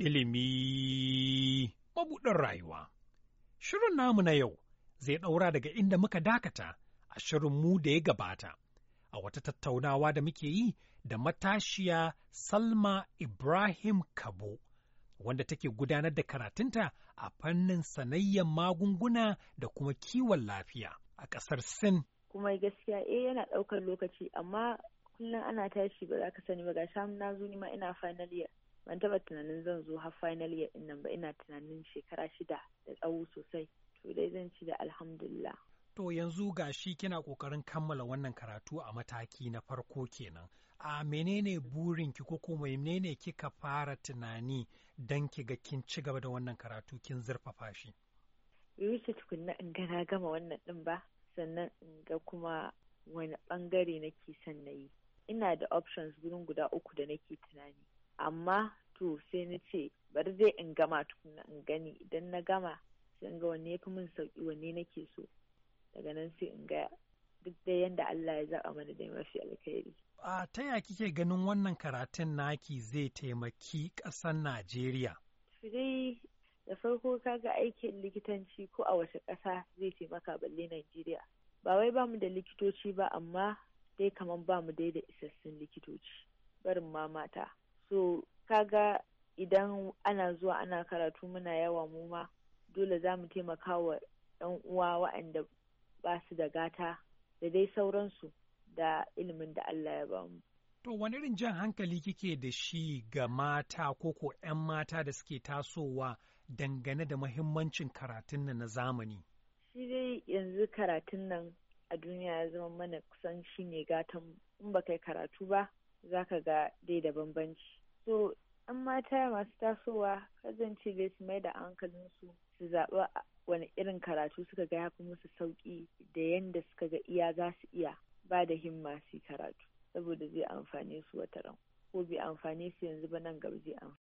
Ilimi mabuɗin rayuwa. Shirin namu na yau zai ɗaura daga inda muka dakata a shirin mu da ya gabata, a wata tattaunawa da muke yi da matashiya Salma Ibrahim Kabo, wanda take gudanar da karatunta a fannin sanayyar magunguna da kuma kiwon lafiya a ƙasar Sin. Kuma gaskiya eh yana ɗaukar lokaci, amma kullum ana tashi ba za ka sani ba ga na zo ni ma ina final year. ban taba tunanin zan zo har final year din nan ba ina tunanin shekara shida da tsawo sosai to dai zan ci da alhamdulillah To yanzu ga shi kina kokarin kammala wannan karatu a mataki na farko kenan. A menene burinki ko kuma menene kika fara tunani dan ki ga kin ci gaba da wannan karatu kin zurfafa shi? ce tukunna in ga na gama wannan ɗin ba, sannan in ga kuma wani bangare nake son na yi. Ina da options gurin guda uku da nake tunani. Amma to sai na ce bari zai in gama tukuna in gani idan na gama sai in ga wanne fi min sauki wanne nake so daga nan sai in ga duk da yanda Allah ya zaɓa mana da mafi alkhairi. A ta ya kike ganin wannan karatun naki zai taimaki ƙasar Najeriya? Dai da farko kaga aikin likitanci ko a wace ƙasa zai taimaka balle Najeriya. Ba wai bamu da likitoci ba amma dai kamar bamu dai da isassun likitoci. Barin ma mata. So kaga idan ana zuwa ana karatu muna yawa mu ma dole za mu taimaka wa yan uwa waɗanda ba su da gata da dai sauransu da ilimin da Allah ya ba mu To wani irin jan hankali kike da shi ga mata ko ko 'yan mata da suke tasowa dangane da mahimmancin karatun nan na zamani? Shi dai yanzu karatun nan a duniya ya zama mana kusan shi ne gatan in ba kai karatu ba za ka ga dai da bambanci. so in mata masu tasowa kasance zai su mai da hankalin su su zaɓi wani irin karatu suka ga yafi musu sauƙi da yanda suka ga iya za su iya ba da himma su karatu saboda zai amfane su wata ran ko bai amfane su yanzu ba nan gaba zai amfane